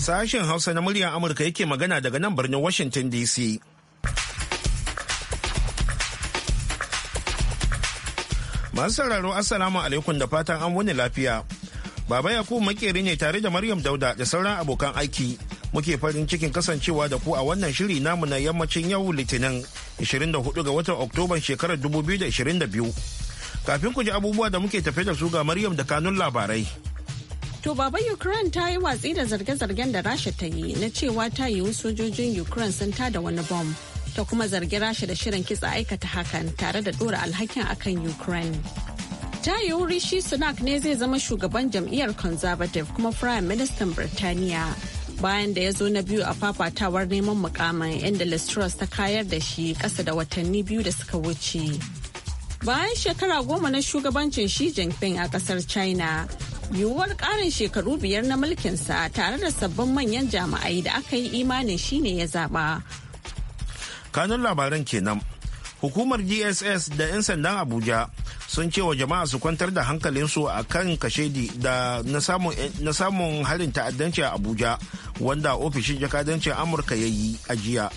Sashen Hausa na muryar Amurka yake magana daga nan birnin Washington DC. Masu sauraro Assalamu alaikum da fatan an wuni lafiya. Baba Yakubu makeri ne tare da Maryam Dauda da sauran abokan aiki. Muke farin cikin kasancewa da ku a wannan shiri namu na yammacin yau Litinin 24 ga watan Oktoban shekarar 2022. Kafin ku ji abubuwa da muke tafe da su ga Maryam da kanun labarai. To baba Ukraine ta yi watsi da zarge-zargen da Rasha ta yi na cewa ta yiwu sojojin Ukraine sun ta da wani bom ta kuma zargi Rasha da shirin kitsa aikata hakan tare da dora alhakin akan Ukraine. ta yiwu rishi sunak ne zai zama shugaban jam'iyyar conservative kuma prime minister birtaniya bayan da ya zo na biyu a fafatawar neman mukamin inda listros ta kayar da shi kasa da watanni biyu da suka wuce bayan shekara goma na shugabancin xi jinping a kasar china yiwuwar ƙarin shekaru biyar na mulkinsa tare da sabbin manyan jama'ai da aka yi imanin shine ya zaɓa. kanun labaran kenan hukumar dss da 'yan sandan abuja sun ce wa jama'a su kwantar da hankalinsu a kan kashedi da na samun harin ta'addanci a abuja wanda ofishin jakadancin amurka ya yi a jiya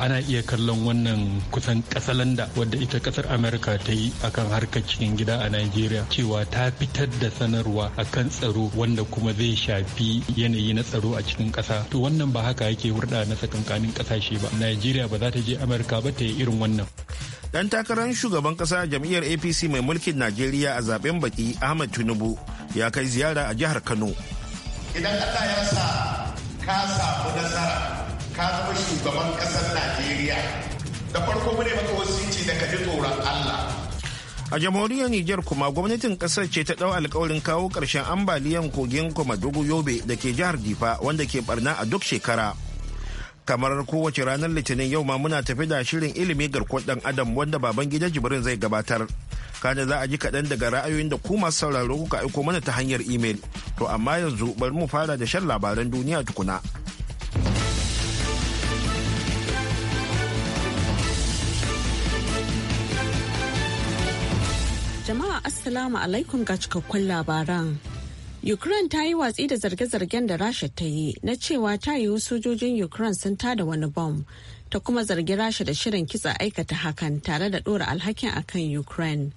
ana iya kallon wannan kusan landa. wadda ita kasar amerika ta yi akan harkar cikin gida a nigeria cewa ta fitar da sanarwa akan tsaro wanda kuma zai shafi yanayi na tsaro a cikin kasa to wannan ba haka yake hurɗa na tsakankanin kasashe ba nigeria ba za ta je amurka ba ta yi irin wannan dan takarar shugaban kasa jam'iyyar apc mai mulkin najeriya a zaben baki ahmad tinubu ya kai ziyara a jihar kano idan allah ya sa ka samu nasara ka zama shugaban ƙasar Najeriya. Da farko mune maka wasici da ka ji tsoron Allah. A jamhuriyar Nijar kuma gwamnatin kasar ce ta ɗau alkawarin kawo ƙarshen ambaliyan kogin Komadogo Yobe da ke jihar Difa wanda ke barna a duk shekara. Kamar kowace ranar Litinin yau ma muna tafi da shirin ilimi garkuwar ɗan Adam wanda baban gida Jibrin zai gabatar. Kana za a ji kaɗan daga ra'ayoyin da kuma sauraro kuka aiko mana ta hanyar imel. To amma yanzu bari mu fara da shan labaran duniya tukuna. Assalamu alaikum ga cikakkun labaran. Ukraine ta yi watsi da zarge-zargen da Rasha ta yi na cewa ta yiwu sojojin Ukraine sun tada wani bom ta kuma zargi Rasha da shirin kitsa aikata hakan tare da ɗora alhakin akan Ukraine.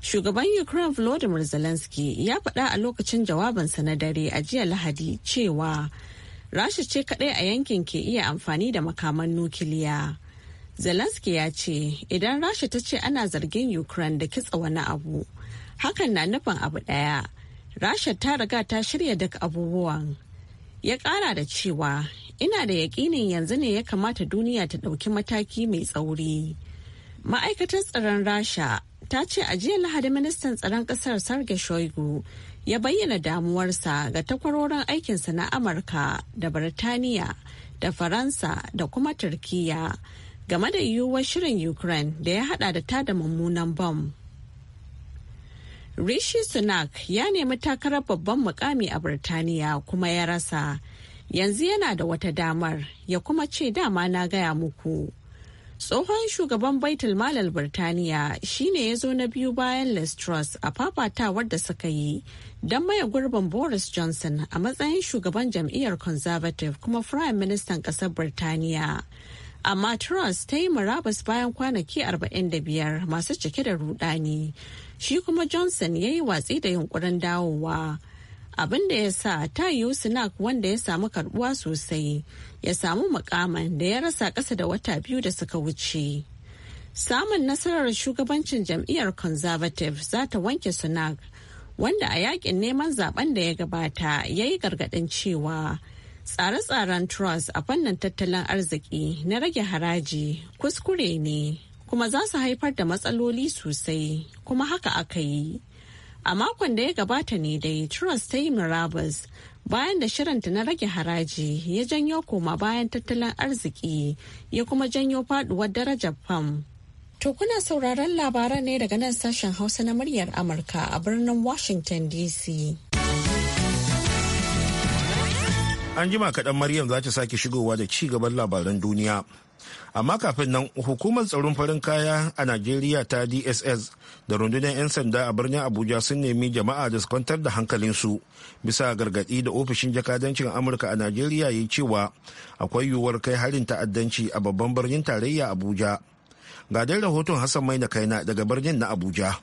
Shugaban Ukraine Volodymyr Zelensky ya faɗa a lokacin jawabinsa na dare a jiya Lahadi cewa Rasha ce kaɗai a yankin ke iya amfani da makaman nukiliya. Zelensky ya ce idan Rasha ta ce ana zargin Ukraine da kitsa wani abu, hakan na nufin abu ɗaya. Rasha ta riga ta shirya duk abubuwan. Ya ƙara da cewa ina da yaƙinin yanzu ne ya kamata duniya ta ɗauki mataki mai tsauri. Ma'aikatar tsaron Rasha ta ce a jiya Lahadi ministan tsaron ƙasar Sarge Shoigu ya bayyana damuwarsa ga takwarorin aikinsa na Amurka da Birtaniya da Faransa da kuma Turkiyya. game da yiwuwar shirin Ukraine da ya hada da tada mummunan bom. Rishi Sunak ya nemi takarar babban mukami a Birtaniya kuma ya rasa. Yanzu yana da wata damar ya kuma ce dama na gaya muku. Tsohon shugaban baitul malal Birtaniya shine ya zo na biyu bayan Liz Truss a fafatawar da suka yi don maye gurbin Boris Johnson a matsayin shugaban jam'iyyar Conservative kuma Prime Ministan kasar Birtaniya. amma Truss ta yi murabus bayan kwanaki 45 masu cike da rudani shi kuma Johnson ya yi watsi da yunkurin dawowa. abin da ya sa ta tayu sunak wanda ya samu karbuwa sosai ya samu mukaman da ya rasa kasa da wata biyu da suka wuce samun nasarar shugabancin jam'iyyar conservative za ta wanke sunak wanda a yakin neman zaben da ya gabata ya yi gargadin cewa Tsare-tsaren trust a fannin tattalin arziki na rage haraji kuskure ne kuma za su haifar da matsaloli sosai kuma haka aka yi. A makon da ya gabata ne dai trust ta yi murabus bayan da shirinta na rage haraji ya janyo koma bayan tattalin arziki ya kuma janyo faduwar darajar fam. To kuna sauraron labaran ne daga nan sashen Hausa na muryar Amurka a birnin Washington DC. An jima kaɗan Maryam za ta sake shigowa da ci gaban labaran duniya. Amma kafin nan hukumar tsaron farin kaya a Najeriya ta DSS da rundunar 'yan sanda a birnin Abuja sun nemi jama'a da su kwantar da hankalinsu bisa gargaɗi da ofishin jakadancin Amurka a Najeriya ya yi cewa akwai yiwuwar kai harin ta'addanci a babban birnin tarayya Abuja. Ga dai rahoton Hassan mai Maina Kaina daga birnin na Abuja.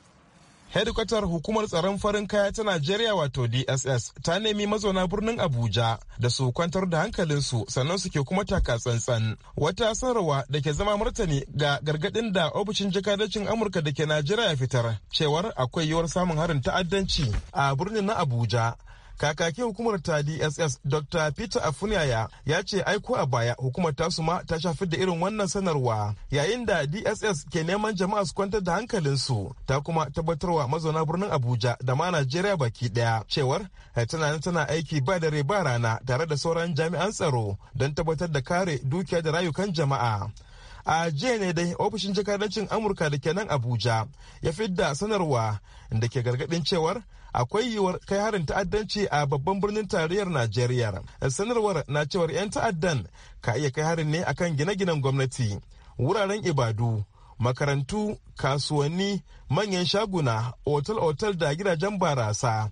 hedikwatar hukumar tsaron farin kaya ta najeriya wato dss ta nemi mazauna birnin abuja da su kwantar da hankalinsu sannan suke kuma taka tsantsan wata sanarwa da ke zama martani ga gargadin da ofishin jakadancin amurka da ke najeriya fitar cewar akwai yiwuwar samun harin ta'addanci a birnin na abuja kakakin hukumar ta dss dr peter afuniaya ya ce aiko a baya hukumar tasu ma ta shafi da irin wannan sanarwa yayin da dss ke neman jama'a su kwantar da hankalinsu ta kuma tabbatarwa mazauna birnin abuja da ma najeriya baki daya cewar eh, tana tana aiki ba dare ba rana tare da sauran jami'an tsaro don tabbatar da kare dukiya da rayukan jama'a a jiya ne dai ofishin jakadancin amurka da ke nan abuja ya fidda sanarwa da ke gargadin cewar akwai yiwuwar kai harin ta'addanci a babban birnin tarayyar najeriya sanarwar na cewar 'yan ta'addan ka iya kai harin ne akan gine-ginen gwamnati wuraren ibadu makarantu kasuwanni manyan shaguna otal-otal da gidajen barasa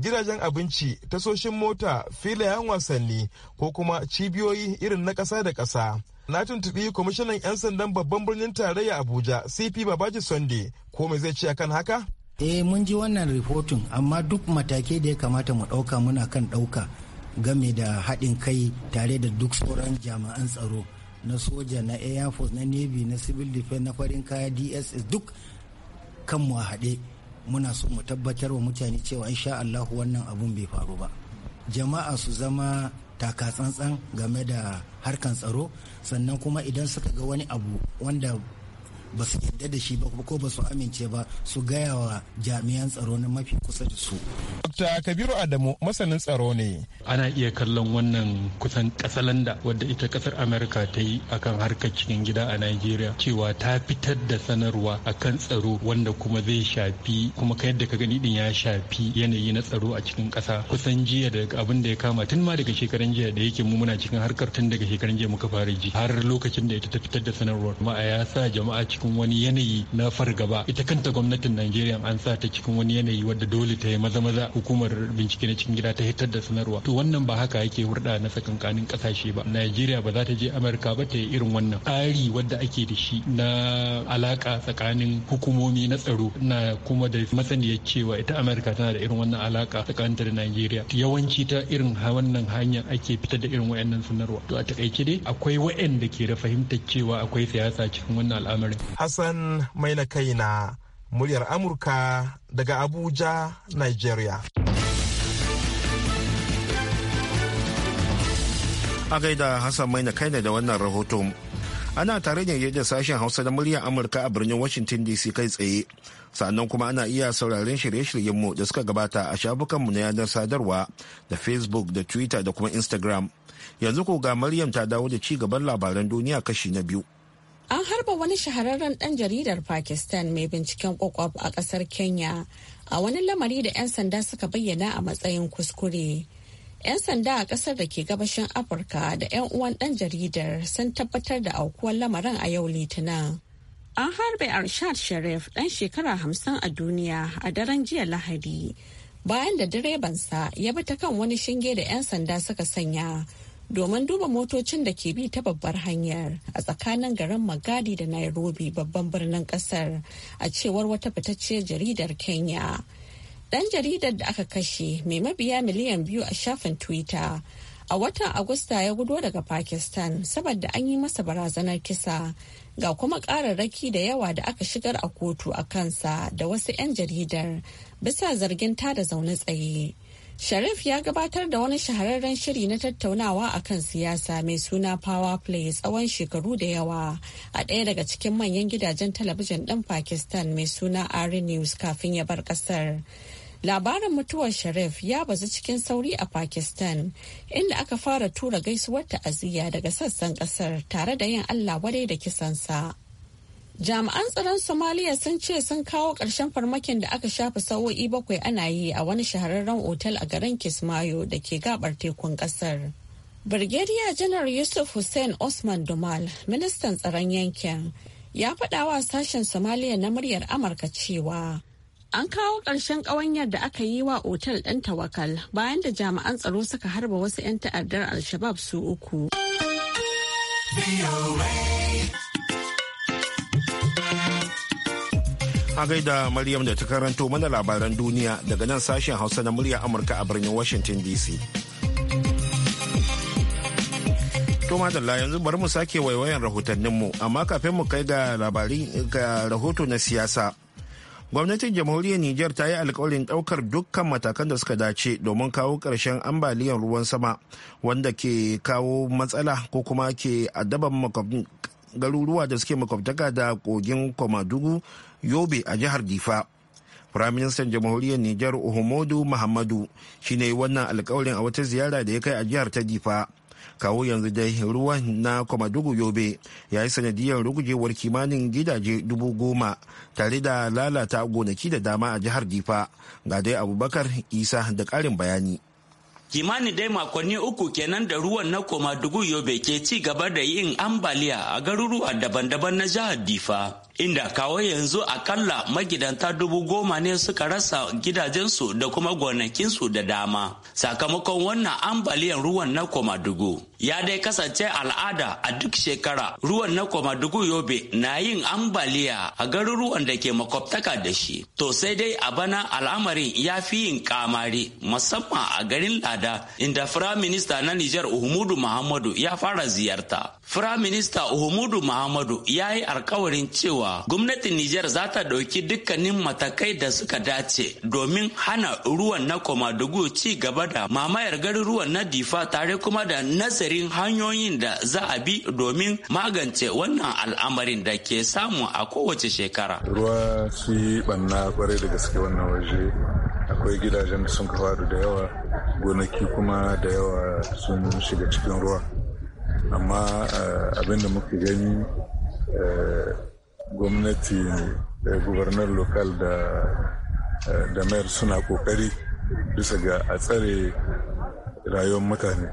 gidajen abinci tasoshin mota filayen wasanni ko kuma cibiyoyi irin na ƙasa da ƙasa na tuntuɓi kwamishinan 'yan sandan babban birnin tarayya abuja cp babaji sunday ko me zai ce akan haka eh mun ji wannan rahoton amma duk matakai da ya kamata mu ɗauka muna kan ɗauka game da haɗin kai tare da duk sauran jami'an tsaro na soja na air force na navy na civil defense na farin kaya dss duk kanmu a haɗe muna so mu tabbatar wa mutane cewa insha Allah wannan abun bai faru ba jama'a su zama taka tsantsan game da harkan tsaro sannan kuma idan suka ga wani abu wanda ba su yadda da shi ba ko ba su amince ba su gaya wa jami'an tsaro na mafi kusa da su. Dr. Kabiru Adamu masanin tsaro ne. Ana iya kallon wannan kusan katsalanda wadda ita kasar Amerika ta yi akan harkar cikin gida a Najeriya cewa ta fitar da sanarwa akan tsaro wanda kuma zai shafi kuma ka yadda ka gani din ya shafi yanayi na tsaro a cikin kasa kusan jiya da abin da ya kama tun ma daga shekaran jiya da yake mu muna cikin harkar tun daga shekaran jiya muka fara ji har lokacin da ita ta fitar da sanarwar ma'a ya sa jama'a cikin cikin wani yanayi na fargaba ita kanta gwamnatin najeriya an sa ta cikin wani yanayi wadda dole ta yi maza maza hukumar bincike na cikin gida ta hitar da sanarwa to wannan ba haka yake hurɗa na tsakankanin kasashe ba najeriya ba za ta je amurka ba ta yi irin wannan tsari wadda ake da shi na alaka tsakanin hukumomi na tsaro na kuma da masaniyar cewa ita amurka tana da irin wannan alaka tsakaninta da najeriya yawanci ta irin wannan hanya ake fitar da irin wayannan sanarwa to a takaice dai akwai wayanda ke da fahimtar cewa akwai siyasa cikin wannan al'amarin Hassan mai na kaina muryar Amurka daga Abuja, Nigeria. A gaida Hassan mai na kaina da wannan rahoto. Ana tare ne da sashen Hausa da muryar Amurka a birnin Washington DC kai tsaye. Sannan kuma ana iya sauraren shirye-shiryenmu da suka gabata a shafukanmu na yanar sadarwa da Facebook da Twitter da kuma Instagram. Yanzu ko ga Maryam ta dawo da ci gaban labaran duniya kashi na biyu. An harba wani shahararren ɗan jaridar Pakistan mai binciken kwakwab a ƙasar Kenya a wani lamari da 'yan sanda suka bayyana a matsayin kuskure. 'Yan sanda a ƙasar da ke gabashin Afirka da 'yan uwan ɗan jaridar sun tabbatar da aukuwar lamarin a yau Litinin. An harbe Arshad Sharif ɗan shekara hamsin a duniya a daren jiya Lahadi bayan da direbansa ya bi ta kan wani shinge da 'yan sanda suka sanya. domin duba motocin da ke bi ta babbar hanyar a tsakanin garin Magadi da Nairobi babban birnin kasar a cewar wata fitacciyar jaridar Kenya. Dan jaridar da aka kashe mai mabiya miliyan biyu a shafin Twitter. A watan Agusta ya gudo daga Pakistan saboda an yi masa barazanar kisa ga kuma kararraki da yawa da aka shigar a kotu a kansa da wasu 'yan jaridar bisa zargin tada zaune tsaye. Sharif ya gabatar da wani shahararren shiri na tattaunawa a kan siyasa mai suna Power Play tsawon shekaru da yawa a ɗaya daga cikin manyan gidajen talabijin ɗin Pakistan mai suna Ari News kafin ya bar ƙasar. Labarin mutuwar Sharif ya bazu cikin sauri a Pakistan, inda aka fara tura gaisuwar ta'aziyya daga sassan ƙasar tare da yin Allah wadai da kisansa. Jami'an tsaron Somalia sun ce sun kawo ƙarshen farmakin da aka shafa sa'o'i bakwai ana yi a wani shahararren otal a garin Kismayo da ke gabar tekun ƙasar. Birgediya Janar Yusuf Hussein Osman Dumal, ministan tsaron yankin, ya faɗa wa sashen Somalia na muryar Amurka cewa an kawo ƙarshen ƙawanyar da aka yi wa otal ɗin tawakal bayan da jami'an tsaro suka harba wasu 'yan ta'addar al su uku. A gaida Maryam da ta karanto mana labaran duniya daga nan sashen Hausa na murya Amurka a birnin Washington DC. da la yanzu bari mu sake waiwayan mu amma kafin mu kai ga rahoto na siyasa. Gwamnatin jamhuriyar Nijar ta yi alkawarin ɗaukar dukkan matakan da suka dace domin kawo ƙarshen ambaliyar ruwan sama wanda ke kawo matsala ko kuma ke addaban garuruwa da suke makwabtaka da kogin Komadugu yobe a jihar difa firaministan jamhuriyar nijar uhumodu muhammadu shine wannan alkawarin a wata ziyara da ya kai a jihar ta difa kawo yanzu dai ruwan na kwamadugu yobe ya yi sanadiyar rugujewar kimanin gidaje dubu goma tare da lalata gonaki da dama a jihar difa ga dai abubakar isa da karin bayani kimanin dai makonni uku kenan da ruwan na koma dubu yobe ke ci gaba da yin ambaliya a garuruwa daban-daban na jihar difa inda kawo yanzu akalla magidanta dubu goma ne suka rasa gidajensu da kuma gonakinsu da dama sakamakon wannan ambaliyan ruwan na komadugu ya dai kasance al'ada a duk shekara ruwan na komadugu yobe na yin ambaliya a garuruwan da ke makwabtaka da shi to sai dai a bana al'amarin ya fi yin kamari musamman a garin lada inda firaminista na nijar uhumudu muhammadu ya fara ziyarta Firaminista Uhumudu Muhammadu ya yi alkawarin cewa gwamnatin Nijar za ta ɗauki dukkanin matakai da suka dace domin hana ruwan na Komadugu ci gaba da mamayar garuruwan na Difa tare kuma da nazarin hanyoyin da za a bi domin magance wannan al'amarin da ke samu a kowace shekara. Ruwa shi ɓanna kwarai da gaske wannan waje akwai gidajen da sun kafa da yawa gonaki kuma da yawa sun shiga cikin ruwa. amma eh, abinda muka gani eh, gwamnati da gubernar lokal da eh, da mayar suna kokari bisa ga a tsare rayuwar mutane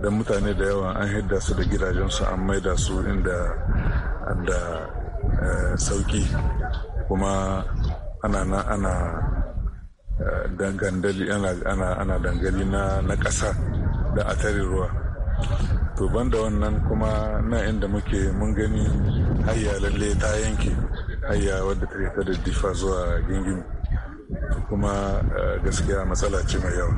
da mutane da yawa an hidda su da gidajensu an maida su inda da sauki kuma ana na ana dangandali ana dangali na ƙasa da a tare ruwa to da wannan kuma na inda muke mun gani hayya lalle ta yanke hayya wadda ta ta da difa zuwa gingimi kuma eh, gaskiya matsala ce mai yawa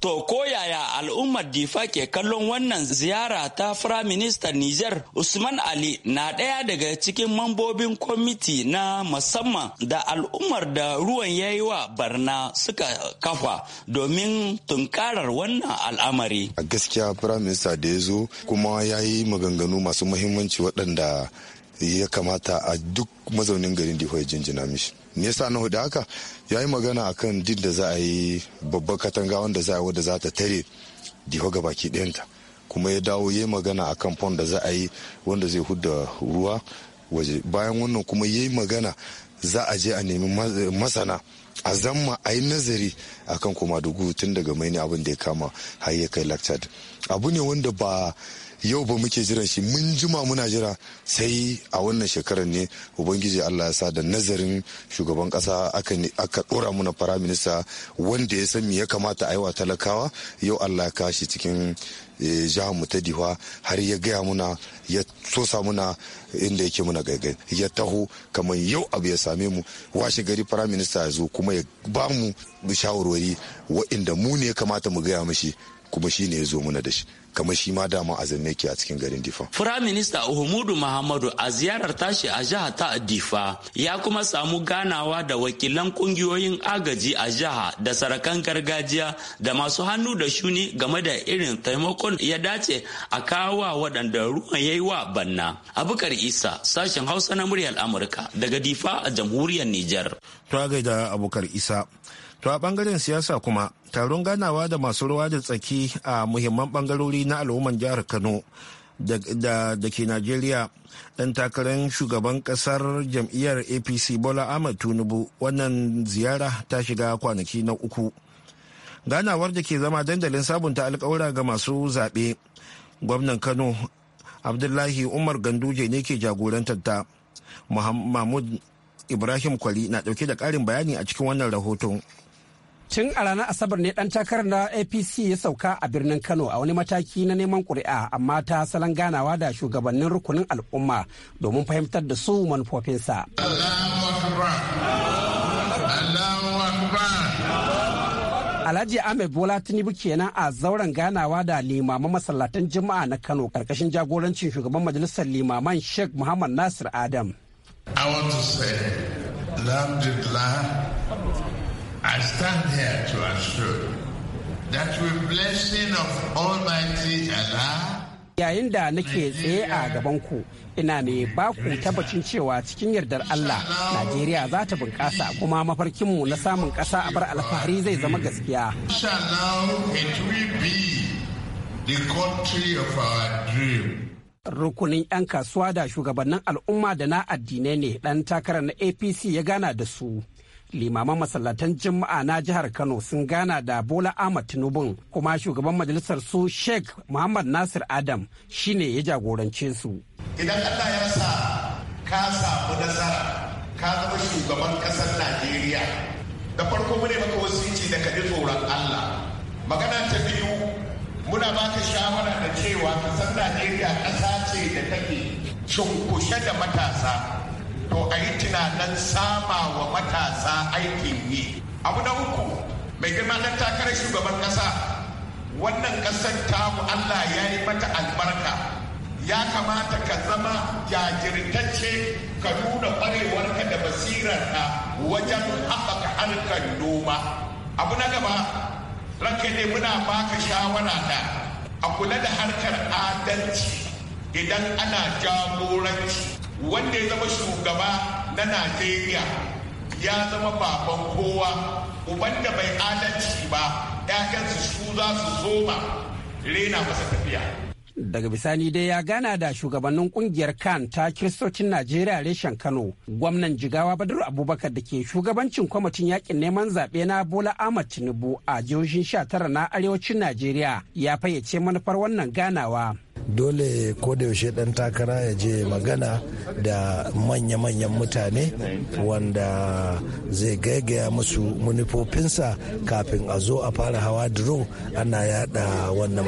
to ko yaya al'ummar difa ke kallon wannan ziyara ta firaministan nijar usman ali na ɗaya daga cikin mambobin kwamiti na musamman da al'ummar da ruwan ya yi wa barna suka kafa domin tunkarar wannan al'amari a gaskiya firaminista da ya zo kuma ya yi maganganu masu muhimmanci waɗanda ya kamata a duk mazaunin garin ya jinjina mishi me yasa na hudu haka ya yi magana a kan din da za a yi babban katanga wanda za a yi wadda za ta tare diho ga baki ɗayanta kuma ya dawo ya yi magana a kan fon da za a yi wanda zai hudda ruwa waje bayan wannan kuma ya yi magana za a je a nemi masana a zama a yi nazari a kan kuma dugu tun daga maini abin da ya kama har ya kai lactad abu ne wanda ba yau ba muke jiran shi mun jima muna jira sai a wannan shekarar ne ubangiji allah ya sa da nazarin shugaban kasa aka dora muna firaminista wanda ya san me ya kamata a yi wa talakawa yau allah ya kashi cikin eh, jihar mu ta diwa har ya gaya muna ya sosa muna inda yake muna gaigai ya taho kamar yau abu ya same mu washe gari firaminista ya zo kuma ya ba mu shawarwari wa'inda mu ne ya kamata mu gaya mashi kuma shi ne ya zo muna da shi kamar shi ma dama a zanne ke a cikin garin difa. Firayim Minista Uhumudu Muhammadu a ziyarar tashi a jiha ta Difa ya kuma samu ganawa da wakilan kungiyoyin agaji a jiha da sarakan gargajiya da masu hannu da shuni game da irin taimakon ya dace a kawo waɗanda ruwan ya yi wa banna. Abukar Isa sashen Hausa na muryar Amurka daga Difa a jamhuriyar Nijar. Ta gaida Abukar Isa. To a bangaren siyasa kuma taron ganawa da masu ruwa da tsaki a muhimman bangarori na al'umman jihar Kano da ke Najeriya ɗan takarar shugaban ƙasar jam'iyyar APC Bola Ahmed Tinubu wannan ziyara ta shiga kwanaki na uku. Ganawar da ke zama dandalin sabunta alkawura ga masu zaɓe. Gwamnan Kano Abdullahi Umar Ganduje ne ke jagorantar ta. Mahmud Ibrahim Kwali na ɗauke da ƙarin bayani a cikin wannan rahoton. Tun a ranar Asabar ne ɗan takarar na APC ya sauka a birnin Kano a wani mataki na neman ƙuri'a amma ta salon ganawa da shugabannin rukunin al'umma domin fahimtar da su manufofinsa. Alhaji Ahmed Bola Tinubu kenan a zauren ganawa da limaman masallatan Juma'a na Kano karkashin jagorancin shugaban majalisar limaman Sheikh Muhammad Nasir Adam. I want to say, I stand here to assure that with blessing of Almighty Allah yayin da nake tsaye a gaban ku ina ba ku tabbacin cewa cikin yardar Allah Najeriya za ta bunƙasa kuma mafarkinmu na samun ƙasa a bar alfahari zai zama gaskiya. Rukunin 'yan kasuwa da shugabannin al'umma da na addinai ne ɗan takarar na APC ya gana da su. limaman masallatan juma'a na jihar kano sun gana da bola ahmad tinubu kuma shugaban majalisar su sheikh muhammad nasir adam shine ya jagorance su idan allah ya sa ka samu nasara ka zama shugaban kasar najeriya da farko mune maka wasici da ka ji tsoron allah magana ta biyu muna baka shawara da cewa kasar najeriya ƙasa ce da take cunkushe da matasa to a yi tunanin sama wa matasa aikin yi abu na uku mai girma ɗan takarar shugaban ƙasa wannan ƙasar mu allah ya yi mata albarka ya kamata ka zama jajirtacce ka nuna ƙwarewarka da basirar basirarka wajen haɓaka harkar noma abu na gaba ranka ne muna baka shawara da a kula da harkar adalci idan ana jagoranci wanda ya zama shugaba na najeriya ya zama baban kowa uban da bai adalci ba 'ya'yansu su za su ba rena masa tafiya daga bisani dai ya gana da shugabannin kungiyar kan ta kiristocin najeriya reshen kano gwamnan jigawa badar abubakar da ke shugabancin kwamitin yakin neman zaɓe na bola ahmad tinubu a jihohin tara na arewacin najeriya ya fayyace manufar wannan ganawa dole ko da yaushe dan takara ya je magana da manya-manyan mutane wanda zai gaigaya musu munifofinsa kafin a zo a fara hawa drone ana yada wannan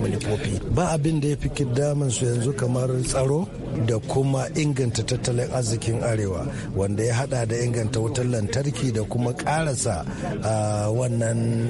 munifofi ba abin da ya fi damun su yanzu kamar tsaro da kuma inganta tattalin arzikin arewa wanda ya hada da inganta wutar lantarki da kuma karasa wannan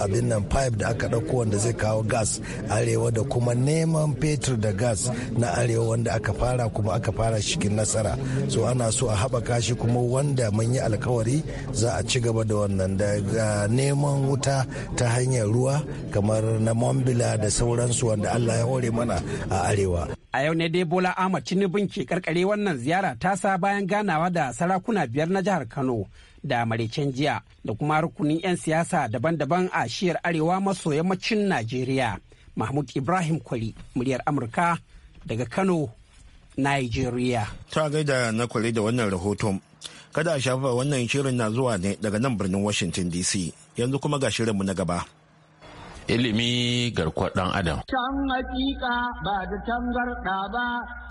abin nan pipe da aka dauko wanda zai kawo gas arewa da kuma neman man fetur da gas na arewa wanda aka fara kuma aka fara cikin nasara so ana so a haɓaka shi kuma wanda mun yi alkawari za a ci gaba da wannan daga neman wuta ta hanyar ruwa kamar na mambila da sauransu wanda allah ya hore mana a arewa a yau ne dai bola ahmad tinubun ke karkare wannan ziyara ta sa bayan ganawa da sarakuna biyar na jihar kano da maraicen jiya da kuma rukunin 'yan siyasa daban-daban a shiyar arewa maso yammacin najeriya mahmud ibrahim kwali muryar amurka daga kano nigeria ta gaida na kwali da wannan rahoton kada a shafa wannan shirin na zuwa ne daga nan birnin washington dc yanzu kuma ga shirinmu na gaba ilimi garkuwar ɗan adam can hakika ba da tangarɗa ba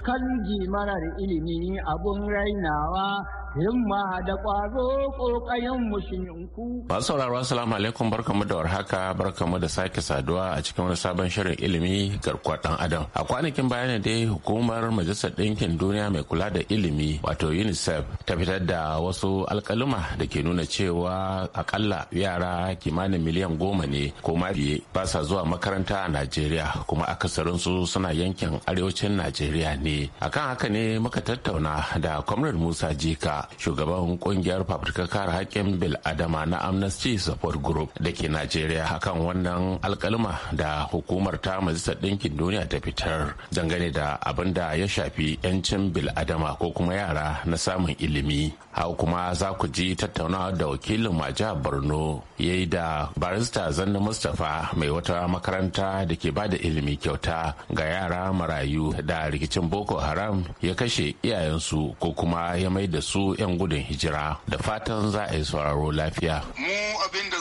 kan marar ilimi abun rainawa himma da ƙwazo ƙoƙayen mushinku. Masu sauraro assalamu alaikum barkamu da warhaka barkamu da sake saduwa a cikin wani sabon shirin ilimi garkuwa ɗan adam. A kwanakin baya ne dai hukumar majalisar ɗinkin duniya mai kula da ilimi wato UNICEF ta fitar da wasu alkaluma da ke nuna cewa akalla yara kimanin miliyan goma ne ko ma fiye ba sa zuwa makaranta a Najeriya kuma akasarinsu suna yankin arewacin Najeriya ne. Akan haka ne muka tattauna da Comrade Musa Jika shugaban kungiyar fafutukar kare haƙƙin bil adama na Amnesty Support Group da ke Najeriya akan wannan alkalma da hukumar ta majalisar ɗinkin duniya ta fitar dangane da abin da ya shafi 'yancin bil adama ko kuma yara na samun ilimi. hau kuma za ku ji tattaunawa da wakilin a jihar borno ya yi da barista zanna mustapha mai wata makaranta da ke ba da ilimi kyauta ga yara marayu da rikicin boko haram ya kashe iyayensu ko kuma ya mai da su 'yan gudun hijira da fatan za a yi sauraro lafiya mu abin da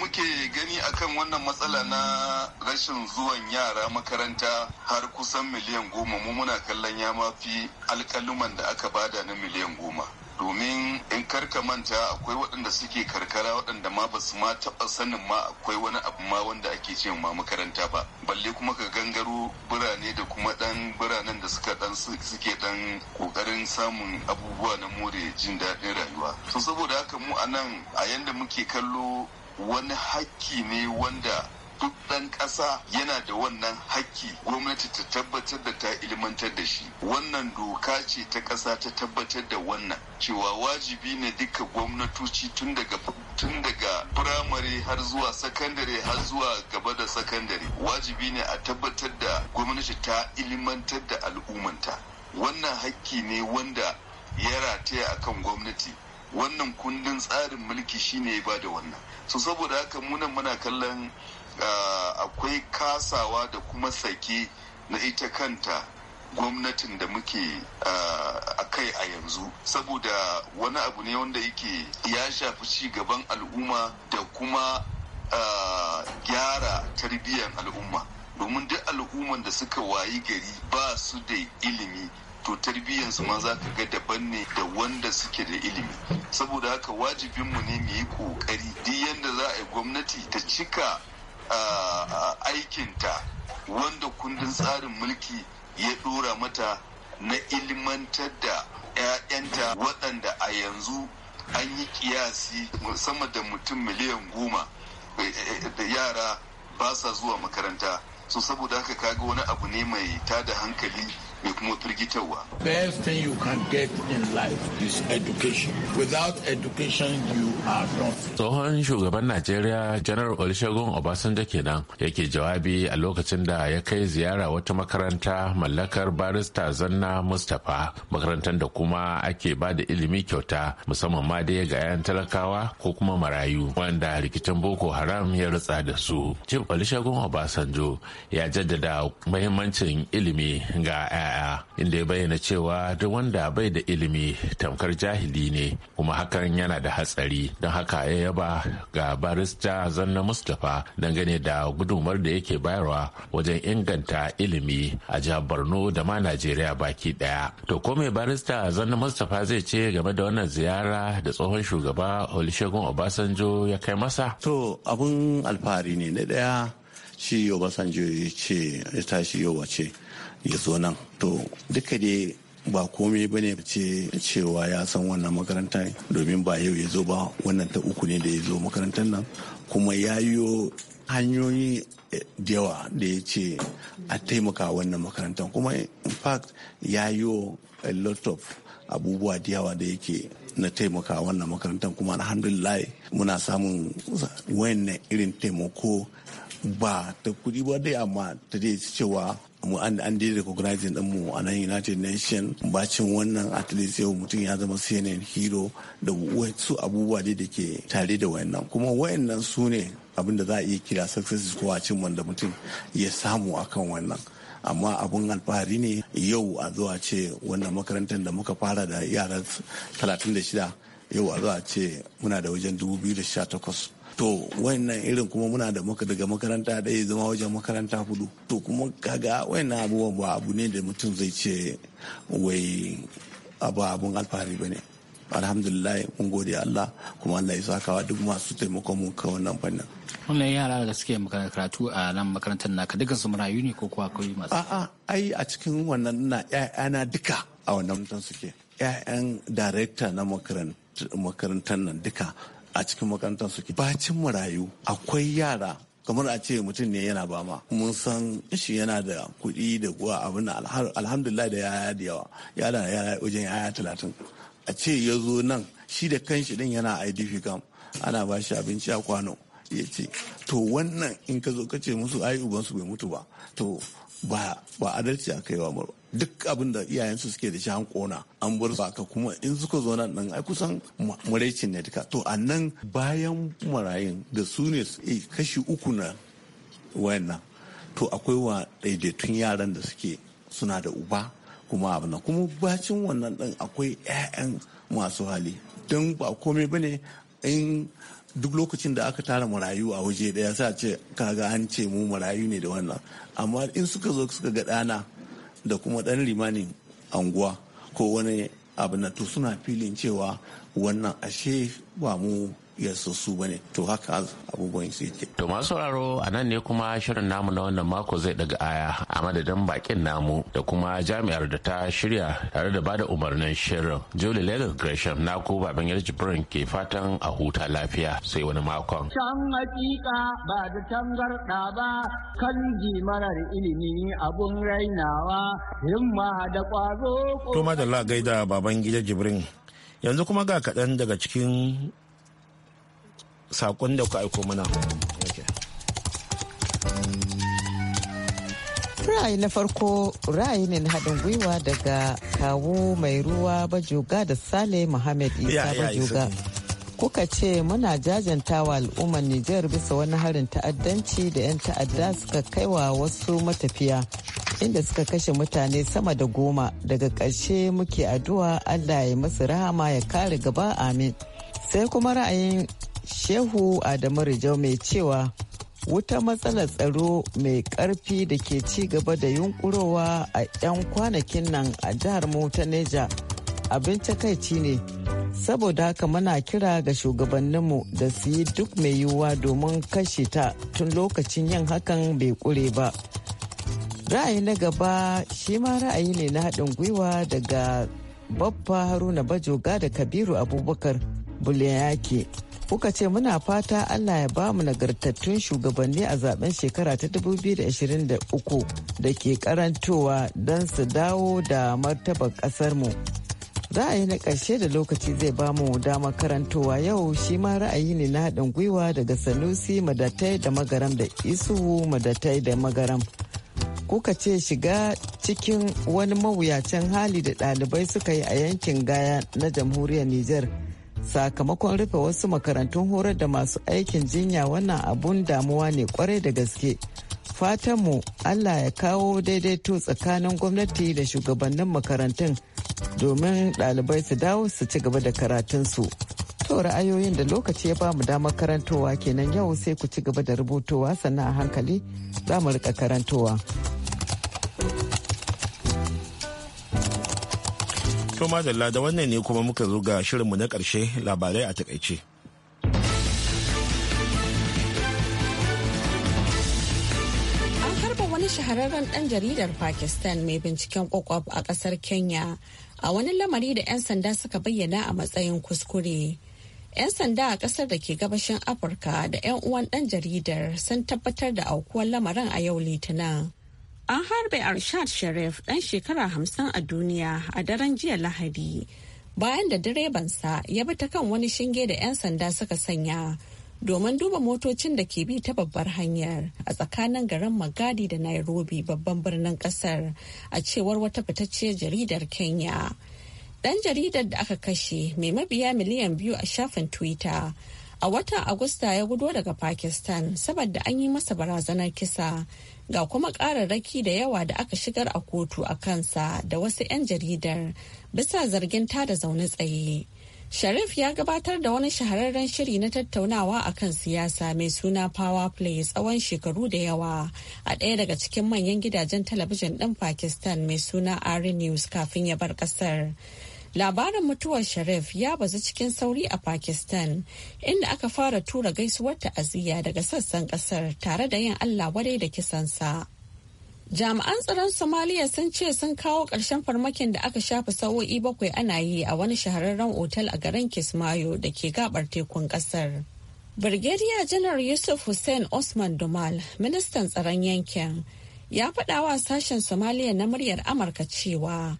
muke gani akan wannan matsala na rashin zuwan yara makaranta har kusan miliyan goma mu muna kallon ya mafi alkaluman da aka bada na miliyan goma domin in karka manta akwai waɗanda suke karkara waɗanda ma ba su ma taɓa sanin ma akwai wani abu ma wanda ake ce ma makaranta ba balle kuma ka gangaro birane da kuma ɗan biranen da suka ɗan suke ɗan ƙoƙarin samun abubuwa na more jin daɗin rayuwa to saboda haka mu a nan a yanda muke kallo wani hakki ne wanda duk ɗan ƙasa yana da wannan hakki gwamnati ta tabbatar da ta ilmantar da shi wannan doka ce ta ƙasa ta tabbatar da wannan cewa wajibi ne duka gwamnatoci tun daga tun daga firamare har zuwa sakandare har zuwa gaba da sakandare wajibi ne a tabbatar da gwamnati ta ilmantar da al'ummanta wannan hakki ne wanda ya rataya a kan gwamnati wannan kundin tsarin mulki shine ya da wannan so saboda haka munan muna kallon Ah, akwai kasawa da kuma sake na ita kanta gwamnatin da muke a ah, kai a yanzu saboda wani abu ne wanda yake ya shafi ci gaban al'umma da kuma ah, gyara tarbiyyar al'umma domin duk al'umman da suka wayi gari ba su da ilimi to tarbiyyansu ma za ka ga daban ne da wanda suke da ilimi saboda haka wajibinmu ne mu yi kokari duk yadda za a yi gwamnati ta cika aikinta wanda kundin tsarin mulki ya dora mata na ilmantar da 'ya'yanta waɗanda a yanzu an yi kiyasi sama da mutum miliyan goma eh, eh, eh, da yara ba sa zuwa makaranta so saboda haka kaga wani abu ne mai tada hankali da kuma firgitarwa. Best thing you can get in life is education. Without education you are not. Tsohon shugaban Najeriya Janar Olusegun Obasanjo kenan yake jawabi a lokacin da ya kai ziyara wata makaranta mallakar barista Zanna Mustapha makarantar da kuma ake ba da ilimi kyauta musamman ma ya ga 'yan talakawa ko kuma marayu wanda rikicin Boko Haram ya rutsa da su. chief Olusegun Obasanjo ya jaddada mahimmancin ilimi ga 'ya'ya inda ya bayyana cewa duk wanda bai da ilimi tamkar jahili ne kuma hakan yana da hatsari don haka ya yaba ga barista zanna mustapha dangane da gudumar da yake bayarwa wajen inganta ilimi a jihar borno da ma najeriya baki daya to ko mai barista zanna mustapha zai ce game da wannan ziyara da tsohon shugaba olusegun obasanjo ya kai masa to abun alfahari ne na daya shi obasanjo ya ce ya tashi yau wace ya zo nan to duka dai ba komai ba ne ce cewa ya san wannan makaranta domin ba yau ya zo ba wannan ta uku ne da ya zo makarantar nan kuma ya yiwo hanyoyi eh, da yawa da ya ce a taimaka wannan makarantar kuma in fact ya yiwo a lot of abubuwa da yawa da yake na taimaka wannan makarantar kuma alhamdulillah muna samun wannan irin taimako ba ta kudi ba dai amma ta dai cewa mu an an da recognizing din mu a nan United Nation bacin wannan at least yau mutum ya zama CNN hero da wasu abubuwa da ke tare da wayannan kuma wayannan su ne abin da za a iya kira success ko a cin wanda mutum ya samu akan wannan amma abun alfahari ne yau a zuwa ce wannan makarantar da muka fara da yara 36 yau a zuwa ce muna da wajen 2018 to wannan irin kuma muna da maka daga makaranta ɗaya zama wajen makaranta hudu to kuma kaga wannan abubuwan ba abu ne da mutum zai ce wai abu abun alfahari ba ne alhamdulillah mun gode Allah kuma Allah ya sakawa duk masu taimakon mu ka wannan fannin wannan yara da suke karatu a nan makarantar naka duka su marayu ne ko kuwa akwai masu a'a ai a cikin wannan na ƴaƴana duka a wannan mutum suke ƴaƴan director na makarantar nan duka a cikin makarantar suke bacin marayu akwai yara kamar a ce mutum ne yana bama. mun san shi yana da kuɗi da guwa abin alhamdulillah da yaya da yawa yara da yara wajen yaya talatin a ce ya zo nan shi da kanshi din yana idp kam ana ba shi abinci a kwano ya ce to wannan in ka zo ka ce musu ai ubansu bai mutu ba to ba adalci aka yi wa ba duk abin da iyayensu suke da shi an kona an bar su aka kuma in suka zo nan ai kusan muraicin ne duka to annan bayan marayun da su ne eh, kashi uku na wayannan to akwai wa daidaitun yaran da suke suna da uba kuma abin nan kuma bacin wannan din akwai 'ya'yan masu hali don ba komai bane in duk lokacin da aka tara marayu a waje daya sa a ce kaga an ce mu marayu ne da wannan amma in suka zo suka ga ɗana da kuma ɗan limanin anguwa ko wani abu na to suna filin cewa wannan ashe ba mu so ba ne to haka abubuwan su yake. to masu sauraro a nan ne kuma shirin namu na wannan mako zai daga aya a madadin bakin namu da kuma jami'ar da ta shirya tare da bada umarnin shirin julie legal gresham na ko baban yar jibrin ke fatan a huta lafiya sai wani makon. can ba da tangarda ba kan marar ilimi abun rainawa himma da kwazo. to madalla gaida baban gida jibrin yanzu kuma ga kaɗan daga cikin sakon da kuka aiko mana. ra'ayi na farko ra'ayi ne na haɗin gwiwa daga kawo mai ruwa Bajuga da sale muhammad isa Bajuga. kuka ce muna jajantawa al'ummar nijar bisa wani harin ta'addanci da 'yan ta'adda suka kaiwa wasu matafiya inda suka kashe mutane sama da goma daga ƙarshe muke addu'a allah ya masu rahama ya kare gaba amin sai kuma ra'ayin Shehu Adamu Rijau mai cewa wuta matsalar tsaro mai karfi da ke ci gaba da yunkurowa a 'yan kwanakin nan a jihar mu ta Neja abin takaici ne. Saboda haka muna kira ga shugabanninmu da su yi duk mai yiwuwa domin kashe ta tun lokacin yin hakan bai kure ba. Ra'ayi na gaba shi ma ra'ayi ne na haɗin gwiwa daga Babba Haruna Bajoga da Kabiru Abubakar Buliyaki. kuka ce muna fata Allah ya ba mu nagartattun shugabanni a zaben shekara ta 2023 da ke karantowa don su dawo da martabar a yi na ƙarshe da lokaci zai ba mu damar karantowa yau shi ma ra'ayi ne na haɗin gwiwa daga Sanusi Madatai da Magaram da Isuhu Madatai da Magaram. kuka ce shiga cikin wani mawuyacin hali da ɗalibai suka yi a yankin gaya na jamhuriyar Nijar sakamakon rufe wasu makarantun horar da masu aikin jinya wannan abun damuwa ne kwarai da gaske fatanmu allah ya kawo daidaito tsakanin gwamnati da shugabannin makarantun domin ɗalibai su dawo su ci gaba da karatunsu to ra'ayoyin da lokaci ya bamu damar karantowa kenan yau sai ku ci gaba da rubutowa sannan a hankali za mu rika karantowa To madalla da wannan ne kuma muka zo ga shirinmu na karshe labarai a takaice. An harba wani shahararren ɗan jaridar Pakistan mai binciken kwakwaf a ƙasar Kenya a wani lamari da 'yan sanda suka bayyana a matsayin kuskure. 'Yan sanda a kasar da ke gabashin Afirka da 'yan uwan ɗan jaridar sun tabbatar da aukuwar lamarin a yau Litinin. An harbe Arshad Sharif ɗan shekara hamsin a duniya a daren jiya Lahadi bayan da direbansa ya bi ta kan wani shinge da 'yan sanda suka sanya domin duba motocin da ke bi ta babbar hanyar a tsakanin garin Magadi da Nairobi babban birnin kasar a cewar wata fitacciyar jaridar Kenya. Dan jaridar da aka kashe mai mabiya miliyan biyu a shafin Twitter. a watan agusta ya gudo daga pakistan saboda an yi masa barazanar kisa ga kuma kararraki da yawa da aka shigar a kotu a kansa da wasu 'yan jaridar bisa zargin ta da zaune tsaye sharif ya gabatar da wani shahararren shiri na tattaunawa a kan siyasa mai suna power play tsawon shekaru da yawa a ɗaya daga cikin manyan gidajen talabijin ɗin pakistan mai suna ari news kafin ya bar ƙasar. labarin mutuwar sharif ya bazu cikin sauri a pakistan inda aka fara tura gaisuwar ta'aziyya daga sassan kasar tare da yin allah wadai da kisansa jami'an tsaron somaliya sun ce sun kawo ƙarshen farmakin da aka shafa sa'o'i bakwai ana yi a wani shahararren otal a garin kismayo da ke gabar tekun kasar Birgediya janar yusuf hussein osman dumal ministan tsaron yankin ya faɗawa sashen somaliya na muryar amurka cewa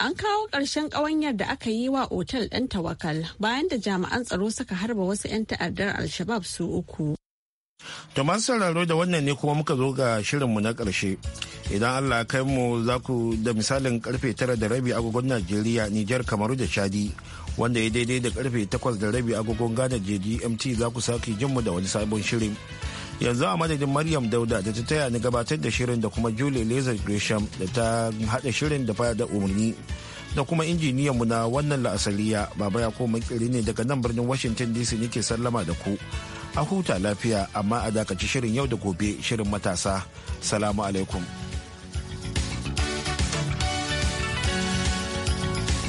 An kawo ƙarshen ƙawanyar da aka yi wa otal ɗin tawakal bayan da jami'an tsaro suka harba wasu 'yan ta'addar Alshabab su uku. To masu sauraro da wannan ne kuma muka zo ga shirinmu na karshe Idan Allah kai mu za ku da misalin karfe tara da rabi agogon Najeriya, Nijar, Kamaru da Chadi. Wanda ya daidai da karfe takwas da rabi agogon Ghana GMT za ku sake jinmu da wani sabon shirin. yanzu a madadin maryam dauda da ta taya ni gabatar da shirin da kuma julie laser gresham da ta haɗa shirin da fada umarni da kuma injiniyan mu na wannan la'asariya baba ya koma kiri ne daga nan birnin washington dc nake sallama da ku a huta lafiya amma a dakaci shirin yau da gobe shirin matasa salamu alaikum